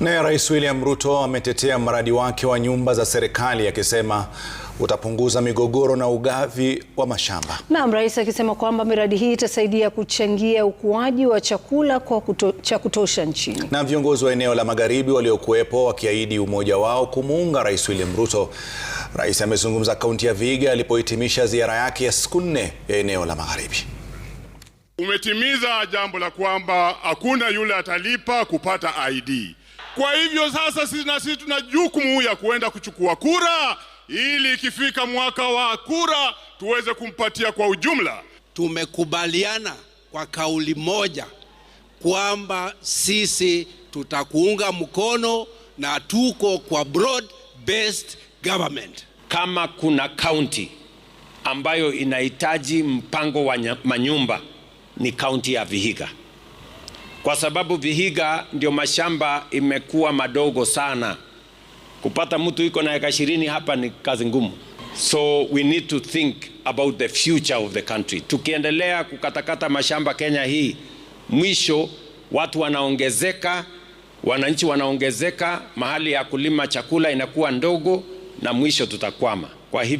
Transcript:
Naye Rais William Ruto ametetea mradi wake wa nyumba za serikali akisema utapunguza migogoro na ugavi wa mashamba. Naam, rais akisema kwamba miradi hii itasaidia kuchangia ukuaji wa chakula kwa kuto, cha kutosha nchini. Na viongozi wa eneo la Magharibi waliokuwepo wakiahidi umoja wao kumuunga Rais William Ruto. Rais amezungumza kaunti ya Vihiga alipohitimisha ziara yake ya siku nne ya eneo la Magharibi. Umetimiza jambo la kwamba hakuna yule atalipa kupata ID. Kwa hivyo sasa sisi na sisi tuna jukumu ya kuenda kuchukua kura ili ikifika mwaka wa kura tuweze kumpatia kwa ujumla. Tumekubaliana kwa kauli moja kwamba sisi tutakuunga mkono na tuko kwa broad based government. Kama kuna kaunti ambayo inahitaji mpango wa manyumba ni kaunti ya Vihiga kwa sababu Vihiga ndio mashamba imekuwa madogo sana. Kupata mtu iko na eka ishirini hapa ni kazi ngumu, so we need to think about the future of the country. Tukiendelea kukatakata mashamba Kenya hii, mwisho watu wanaongezeka, wananchi wanaongezeka, mahali ya kulima chakula inakuwa ndogo, na mwisho tutakwama kwa hivyo